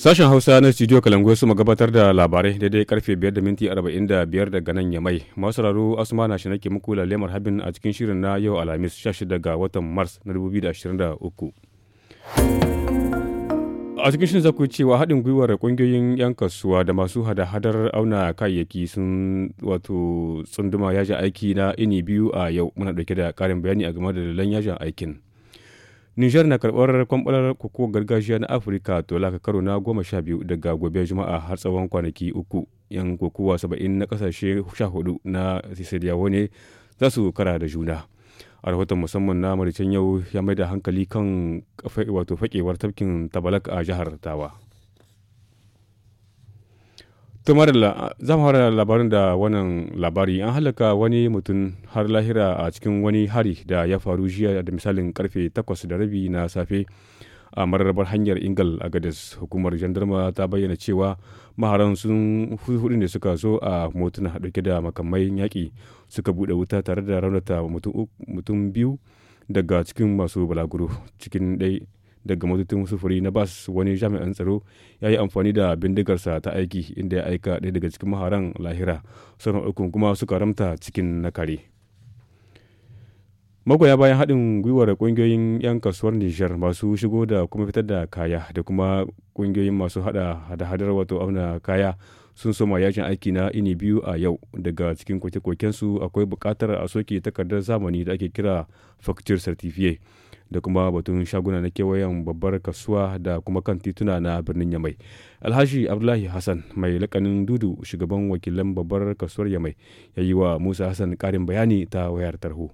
Sashen Hausa na Studio Kalangoy su gabatar da labarai daidai karfe 5 da minti 45 daga nan yamai. Masu raro asuma na shinake muku lalemar habin a cikin shirin na yau Alhamis 16 ga watan Mars na 2023. A cikin shirin za cewa haɗin gwiwar ƙungiyoyin 'yan kasuwa da masu hada-hadar auna kayayyaki sun wato tsunduma yajin aiki na ini biyu a yau muna ɗauke da ƙarin bayani a game da dalilan yajin aikin. Nijar na karɓar kwamɓalar koko gargajiya na Afirka laka karo na goma sha biyu daga gobe Juma'a har tsawon kwanaki uku. Yan kokowa saba'in na ƙasashe sha hudu na Sisiliyawo ne za su kara da juna. A rahoton musamman na Maricen yau ya mai da hankali kan wato fakewar tafkin Tabalak a jihar Tawa. tumar za mu labarin da wannan labari an halaka wani mutum har lahira a cikin wani hari da ya faru jiya da misalin karfe takwas da rabi na safe a mararrabar hanyar ingal a gadas hukumar jandarma ta bayyana cewa maharan sun hudu ne suka zo a motuna dauke da makamai yaƙi suka buɗe wuta tare da raunata mutum biyu daga cikin masu balaguro cikin ɗaya daga motocin sufuri na bas wani jami'an tsaro ya yi amfani da bindigarsa ta aiki inda ya aika ɗaya daga cikin maharan lahira sauran ukun kuma suka ramta cikin na kare magoya bayan haɗin gwiwar ƙungiyoyin 'yan kasuwar nijar masu shigo da kuma fitar da kaya da kuma ƙungiyoyin masu haɗa hada-hadar wato auna kaya sun soma yajin aiki na ini biyu a yau daga cikin koke su akwai buƙatar a soke takardar zamani da ake kira facture certificate da kuma batun shaguna na kewayen babbar kasuwa da kuma kan tituna na birnin Yamai. Alhaji Abdullahi Hassan mai lakanin dudu shugaban wakilan babbar kasuwar Yamai ya yi wa Musa Hassan ƙarin bayani ta wayar tarho.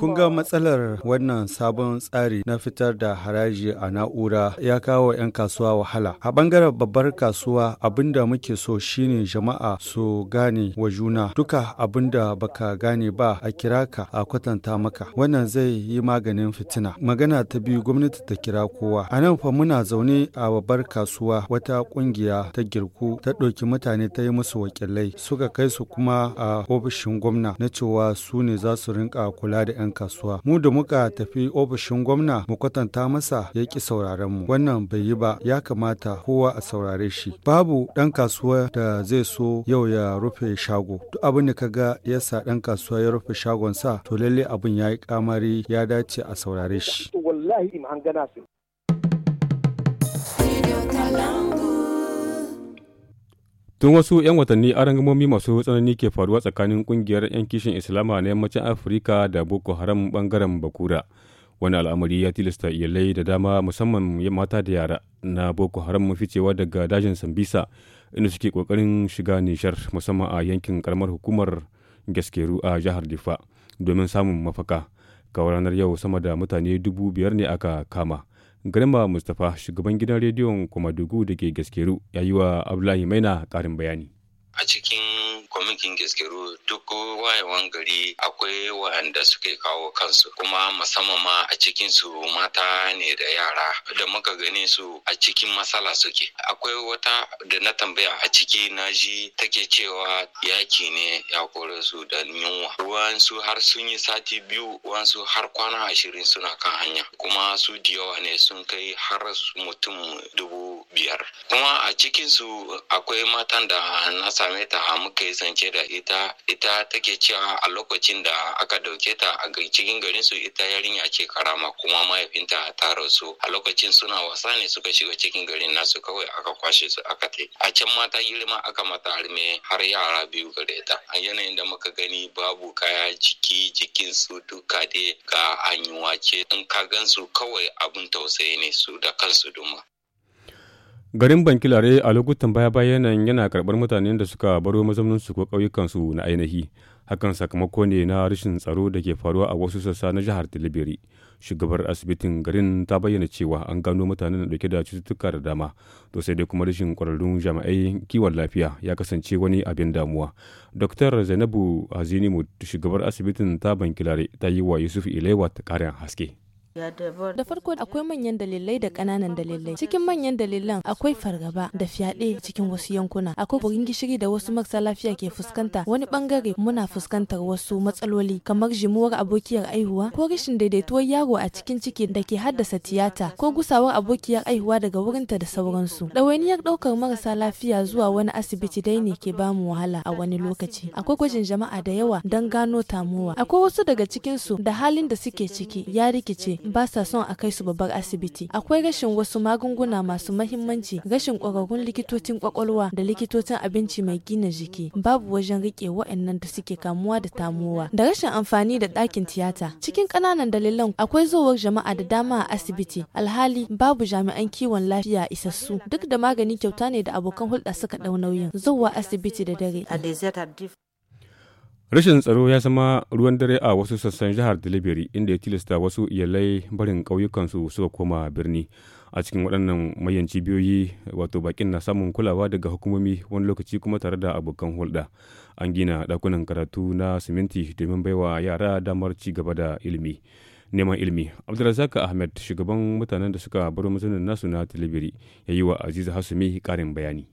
Kun ga matsalar wannan sabon tsari na fitar da haraji a na'ura ya kawo 'yan kasuwa wahala. A bangaren babbar kasuwa abinda da muke so shine jama'a su gane wa juna duka abinda baka gane ba a kira ka a kwatanta maka. Wannan zai yi maganin fitina. Magana ta biyu gwamnati ta kira kowa. A nan fa muna zaune a babbar kasuwa wata ƙungiya ta girku ta ɗauki mutane ta yi musu wakilai suka kai su kuma a ofishin gwamna na cewa su ne za su rinka kula da 'yan kasuwa. Mu da muka tafi ofishin gwamna mu kwatanta masa ya ki sauraron mu. Wannan bai yi ba ya kamata kowa a saurare shi. Babu ɗan kasuwa da zai so yau ya rufe shago. Duk abin da kaga ya sa ɗan kasuwa ya rufe shagon sa to lalle abin ya yi kamari ya dace a saurare shi. Wallahi in an gana su. tun wasu 'yan watanni rangamomi masu tsanani ke faruwa tsakanin kungiyar 'yan kishin islama na yammacin afirka da boko haram bangaren bakura wani al'amari ya tilasta iyalai da dama musamman mata da yara na boko haram ficewa daga dajin sambisa inda suke kokarin shiga nishar musamman a yankin karamar hukumar gaskeru a jihar difa domin samun mafaka kawo ranar yau sama da mutane dubu biyar ne aka kama Garma Mustapha shugaban gidan rediyon komadugu da ke Gaskeru ya yi wa Abdullahi Maina ƙarin bayani. A ciki kwamitin gaskeru duk wayewan gari akwai wanda suke kawo kansu kuma musamman ma a cikin su mata ne da yara da muka gani su a cikin matsala suke akwai wata da na tambaya a ciki na ji take cewa yaki ne ya kore su da yunwa wansu har sun yi sati biyu wansu har kwana ashirin suna kan hanya kuma su diyawa yawa ne sun kai har mutum dubu biyar kuma a cikinsu akwai matan da na same ta muka yi zance da ita ita take cewa a lokacin da aka dauke ta a cikin garin su ita yarinya ce karama kuma mahaifinta ta rasu a lokacin suna wasa ne suka shiga cikin garin nasu kawai aka kwashe su aka tai a can mata girma aka mata arme har yara biyu gare ta a yanayin da muka gani babu kaya jiki jikin su duka dai ga hanyuwa ce in ka gan su kawai abin tausayi ne su da kansu duma Garin Bankilare a lokutan baya-bayan yana karbar mutanen da suka baro mazauninsu ko ƙauyukansu na ainihi. Hakan sakamako ne na rashin tsaro da ke faruwa a wasu sassa na jihar Tilibiri. Shugabar asibitin garin ta bayyana cewa an gano mutane da dauke da cututtuka da dama, to sai dai kuma rashin kwararrun jami'ai kiwon lafiya ya kasance wani abin damuwa. Dr. Zainabu Hazinimu, shugabar asibitin ta Bankilare, ta yi wa Yusuf ta ƙarin haske. Da farko akwai manyan dalilai da ƙananan dalilai. Cikin manyan dalilan akwai fargaba da fyaɗe cikin wasu yankuna. Akwai burin gishiri da wasu marasa lafiya ke fuskanta. Wani bangare muna fuskantar wasu matsaloli kamar jimuwar abokiyar aihuwa ko rashin daidaituwar yaro a cikin ciki da ke haddasa tiyata ko gusawar abokiyar aihuwa daga wurinta da sauransu. Ɗawainiyar ɗaukar marasa lafiya zuwa wani asibiti dai ne ke bamu wahala a wani lokaci. Akwai gwajin jama'a da yawa don gano tamuwa. Akwai wasu daga cikinsu da halin da suke ciki ya rikice ba sa son a kai su babbar asibiti. Akwai rashin wasu magunguna masu mahimmanci, rashin ƙwararrun likitocin kwakwalwa da likitocin abinci mai gina jiki, babu wajen riƙe waɗannan da suke kamuwa da tamuwa. da rashin amfani da ɗakin tiyata. Cikin ƙananan dalilan akwai zowar jama'a da dama a asibiti, alhali babu jami'an kiwon lafiya isassu. Duk da magani kyauta ne da abokan hulɗa suka ɗau nauyin, zuwa asibiti da dare. Rashin tsaro ya zama ruwan dare a wasu sassan jihar Delivery inda ya tilasta wasu iyalai barin ƙauyukansu suka koma birni. A cikin waɗannan mayan cibiyoyi wato bakin na samun kulawa daga hukumomi wani lokaci kuma tare da abokan hulɗa. An gina ɗakunan karatu na siminti domin baiwa yara damar ci gaba da ilimi. neman ilimi abdulrazak ahmed shugaban mutanen da suka bar matsalar nasu na tilibiri ya yi wa aziza hasumi karin bayani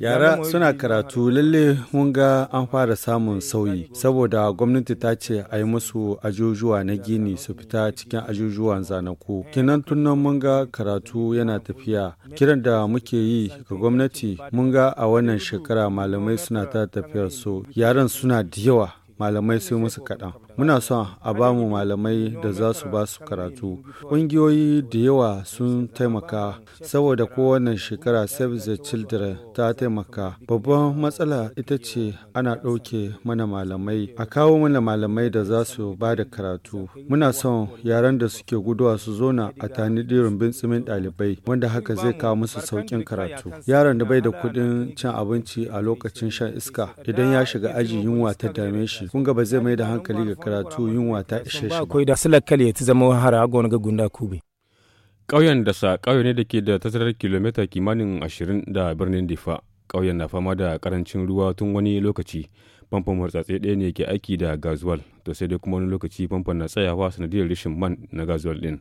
Yara suna karatu lalle mun ga an fara samun sauyi saboda gwamnati ta ce a yi musu ajujuwa na gini su fita cikin ajujuwan zanaku. Kinan tunan mun ga karatu yana tafiya. Kiran da muke yi ga gwamnati mun ga a wannan shekara malamai suna ta tafiyar su yaran suna da yawa malamai sai musu kaɗan muna son a ba mu malamai da za su ba su karatu ƙungiyoyi da yawa sun taimaka saboda kowane shekara save the children ta taimaka babban matsala ita ce ana ɗauke mana malamai a kawo mana malamai da za su ba da karatu muna son yaran da suke guduwa su zona a tanidi rumbin tsimin ɗalibai wanda haka zai kawo musu sauƙin karatu yaron da bai da kuɗin cin abinci a lokacin shan iska idan ya shiga aji yunwa ta dame shi kun ga ba zai mai da hankali ga karatu yunwa ta ishe shi. Akwai da sulak ya ta zama hara agwon ga gunda kube. Ƙauyen da sa ƙauye ne da ke da tazarar kilomita kimanin ashirin da birnin Difa. Ƙauyen na fama da karancin ruwa tun wani lokaci. Famfon murtsatse ɗaya ne ke aiki da gazuwal, to sai dai kuma wani lokaci famfon na tsayawa sanadiyar rashin man na gazuwal ɗin.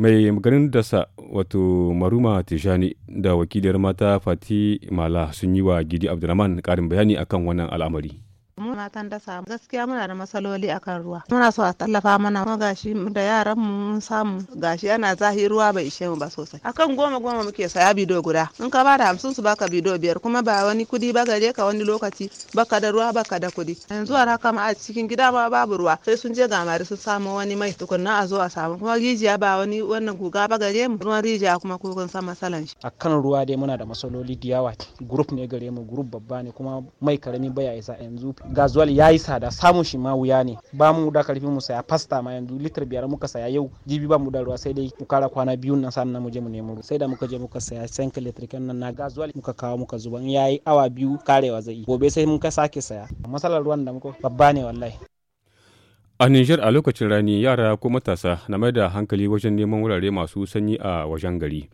mai garin dasa wato maruma tijani da wakiliyar mata fati mala sun yi wa gidi abdulrahman karin bayani akan wannan al'amari matan dasa gaskiya muna da matsaloli akan ruwa muna so a tallafa mana kuma gashi da yaran mu mun samu gashi ana zahi ruwa bai ishe mu ba sosai akan goma goma muke saya bido guda in ka da hamsin su baka bido biyar kuma ba wani kudi ba gare ka wani lokaci baka da ruwa baka da kudi yanzu a haka ma a cikin gida ma babu ruwa sai sun je gamari sun samu wani mai tukunna a zo a samu kuma rijiya ba wani wannan guga ba gare mu ruwan rijiya kuma kun san matsalan shi akan ruwa dai muna da matsaloli diyawa yawa group ne gare mu group babba ne kuma mai karami baya isa yanzu ga usual yayi tsada samun shi ma wuya ne ba mu da karfi mu saya pasta ma yanzu litar biyar muka saya yau jibi ba mu da ruwa sai dai mu kara kwana biyu na sannan mu je mu nemo sai da muka je muka saya sanka litrikan nan na gas muka kawo muka zuba in yayi awa biyu karewa zai gobe sai mun ka sake saya matsalar ruwan da muka babba ne wallahi A niger a lokacin rani yara ko matasa na mai da hankali wajen neman wurare masu sanyi a wajen gari.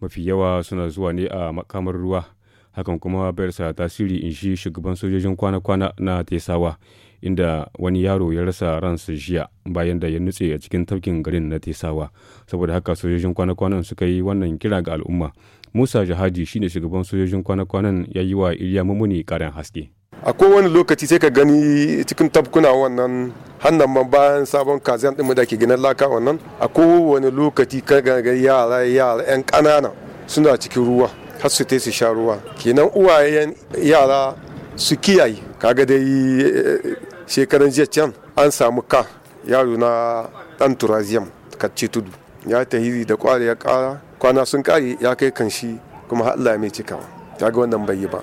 Mafi yawa suna zuwa ne a makamar ruwa hakan kuma bayarsa tasiri in shi shugaban sojojin kwana-kwana na tesawa inda wani yaro ya rasa ransa jiya bayan da ya nutse a cikin tafkin garin na tesawa saboda haka sojojin kwana-kwanan suka yi wannan kira ga al'umma musa jihadi shine shugaban sojojin kwana-kwanan ya yi wa iriya mamuni karin haske a kowane lokaci sai ka gani cikin tafkuna wannan hannan man bayan sabon kaziyan din da ke ginin laka wannan a kowane lokaci ka ga yara yara yan ƙanana suna cikin ruwa har su te su sha ruwa kenan uwayen yara su kiyaye kaga dai eh, shekaran jiya can an samu ka yaro na dan turaziyam kacce tudu ya tahiri da kwari ya kara kwana sun kare ya kai kan shi kuma Allah mai cikawa kaga wannan bai yi ba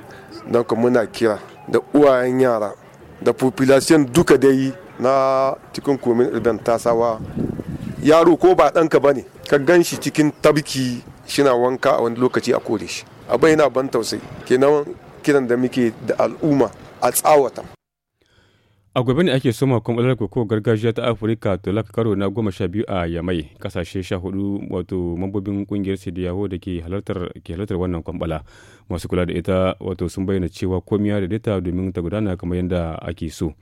don kuma muna kira da uwayen yara da population duka dai na cikin komin urban tasawa yaro ko ba ɗanka ba ne ka gan shi cikin tabki shina wanka a wani lokaci a kore shi abai ban tausayi ke kenan kiran da muke da al'umma a tsawata a gobe ne ake soma kwamfalar koko gargajiya ta afirka laka karo na goma sha biyu a yamai kasashe sha hudu wato mambobin kungiyar sidiyawo da ke halartar wannan kwambala masu kula da ita wato sun bayyana cewa komiya da data domin ta gudana kamar yadda ake so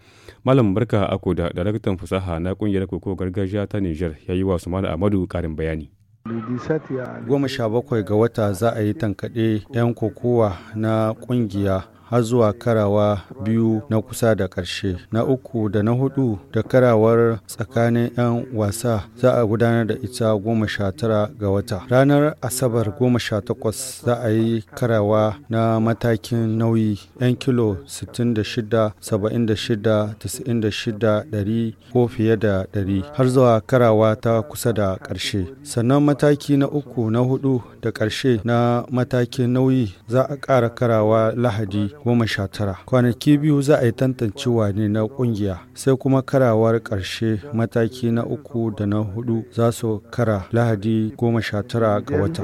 malam barka ako da daraktan fasaha na kungiyar koko gargajiya ta niger ya yi wa sumana amadu karin bayani Goma sha bakwai ga wata za a yi tankaɗe 'yan kokowa na ƙungiya har zuwa karawa biyu na kusa da ƙarshe na uku da na hudu da karawar tsakanin 'yan wasa za a gudanar da ita goma sha tara ga wata ranar asabar goma sha takwas za a yi karawa na matakin nauyi 'yan kilo 66 76 96 100 ko fiye da 100 har zuwa karawa ta kusa da ƙarshe sannan mataki na uku na hudu da ƙarshe na matakin nauyi za a ƙara karawa lahadi goma sha tara kwanaki biyu za a yi tantancewa ne na kungiya sai kuma karawar karshe mataki na uku da na hudu za su kara lahadi goma sha tara ga wata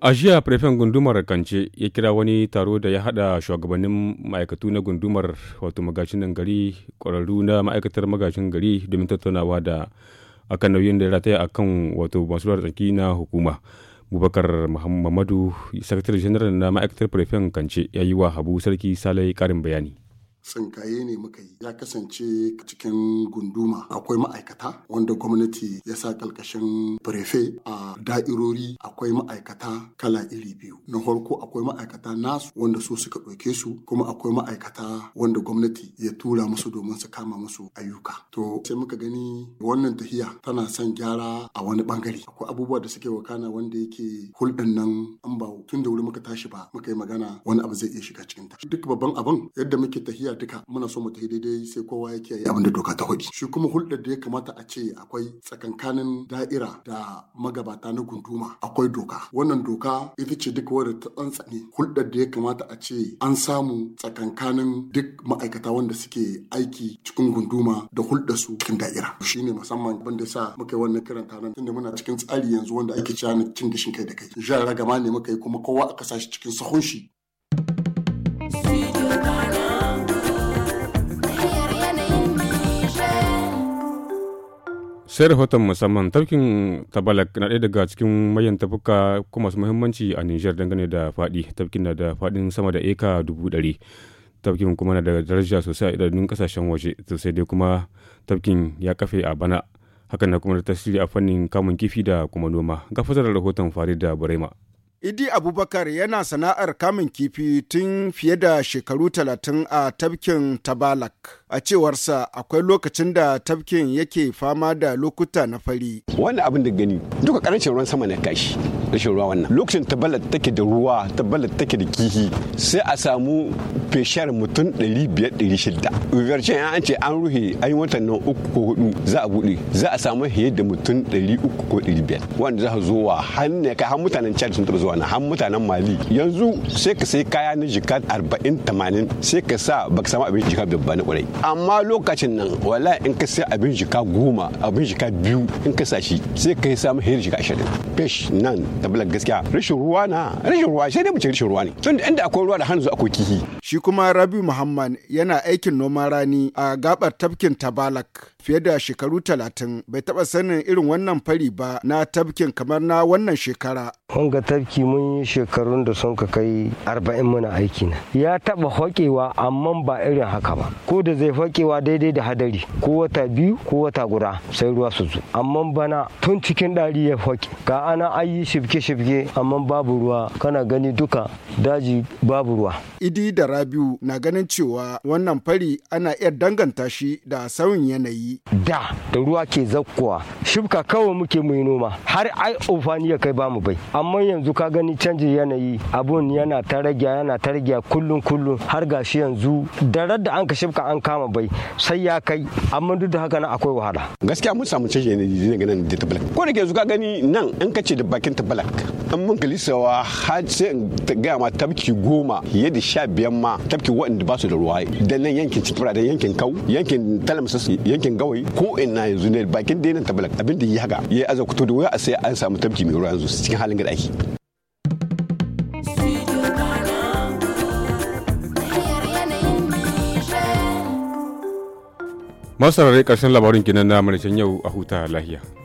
A jiya prefen gundumar Kance ya kira wani taro da ya hada shugabannin ma'aikatu na gundumar wato magajin gari ƙwararru na ma'aikatar magajin gari domin tattaunawa da akan nauyin da ya rataya akan wato masu ruwa tsaki na hukuma bubakar mamadu sakatare janar na ma'aikatar prefen kance ya yi wa habu sarki salai karin bayani tsinkaye ne muka yi ya kasance cikin gunduma akwai ma'aikata wanda gwamnati ya sa ƙarƙashin prefe a da'irori akwai ma'aikata kala iri biyu na farko akwai ma'aikata nasu wanda su suka ɗauke su kuma akwai ma'aikata wanda gwamnati ya tura musu domin su kama musu ayyuka to sai muka gani wannan tahiya tana son gyara a wani bangare akwai abubuwa da suke wakana wanda yake hulɗin nan an ba tun da wuri muka tashi ba muka yi magana wani abu zai iya shiga cikin ta duk babban abin yadda muke tahiya Najeriya duka muna so mu tafi daidai sai kowa yake abin da doka ta hudi. Shi kuma hulɗar da ya kamata a ce akwai tsakankanin da'ira da magabata na gunduma akwai doka. Wannan doka ita ce duka wadda ta tsantsane hulɗar da ya kamata a ce an samu tsakankanin duk ma'aikata wanda suke aiki cikin gunduma da hulɗar su cikin da'ira. Shi ne musamman abin da sa muka yi wannan kiran taron tunda muna cikin tsari yanzu wanda ake cewa cin gashin kai da kai. Jan ragama ne muka yi kuma kowa aka sa shi cikin sahun shi sai rahoton musamman tafkin tabalak na ɗaya daga cikin mayan tafuka kuma masu muhimmanci a nijar dangane da faɗi tafkin na da faɗin sama da eka dubu ɗari tafkin kuma na da daraja sosai a idanun kasashen waje sosai dai kuma tafkin ya kafe a bana hakan na kuma da tasiri a fannin kamun kifi da kuma noma ga fasar rahoton da burema Idi Abubakar yana sana'ar kamun kifi tun fiye da shekaru talatin a tafkin Tabalak. a cewarsa akwai lokacin da tafkin yake fama da lokuta na fari. Wannan abin da gani duka karancin ruwan sama na kashi rashin ruwa wannan lokacin tabbalar take da ruwa tabbalar take da kihi sai a samu feshiyar mutum 500-600 ce an ce an ruhe an yi watan nan uku ko hudu za a buɗe za a samu fiye da mutum 300 ko 500 wanda za a zo wa har ka har mutanen chad sun taɓa zuwa na har mutanen mali yanzu sai ka sai kaya na jika 40-80 sai ka sa ka samu abin jika biyar ba na kwarai amma lokacin nan wala in ka sai abin jika goma abin jika biyu in ka sashi sai ka samu hiyar jika ashirin fish nan bala gaskiya rashin ruwa na rashin ruwa sai dai mu ce rashin ruwa ne tun inda akwai ruwa da zuwa akwai kihi shi kuma rabi muhammad yana aikin noman rani a gabar tafkin tabalak fiye da shekaru talatin bai taba sanin irin wannan fari ba na tafkin kamar na wannan shekara. Mun ga tafki mun yi shekarun da sun ka kai arba'in muna aiki na. Ya taba hoƙewa amma ba irin haka ba. Ko da zai hoƙewa daidai da hadari ko wata biyu ko wata guda sai ruwa su zo. Amma bana tun cikin ɗari ya hoƙe. Ga ana ayi shibke-shibke amma babu ruwa kana gani duka daji babu ruwa. Idi da Rabiu na ganin cewa wannan fari ana iya danganta shi da sauyin yanayi. da da ruwa ke zakkuwa shibka kawai muke mu noma har ai ofani ya kai bamu bai amma yanzu ka gani canjin yanayi abun yana ta rage yana ta rage kullun kullun har gashi yanzu da da an ka shibka an kama bai sai ya kai amma duk da haka nan akwai wahala gaskiya mun samu canjin yanayi ga nan da tabalak ko da yanzu ka gani nan in ka ce da bakin tabalak an mun kalisawa har sai in gaya ma tabki goma yadda sha biyan ma tabki waɗanda ba su da ruwa da nan yankin cifra da yankin kau yankin talamsa yankin gawai ko ina yanzu ne bakin dainan tabalak abin da ya haka ya aza kuto da wuya a sai an samu tabki mai ruwa yanzu cikin halin gada ake masarare karshen labarin kinan na yau a huta lahiya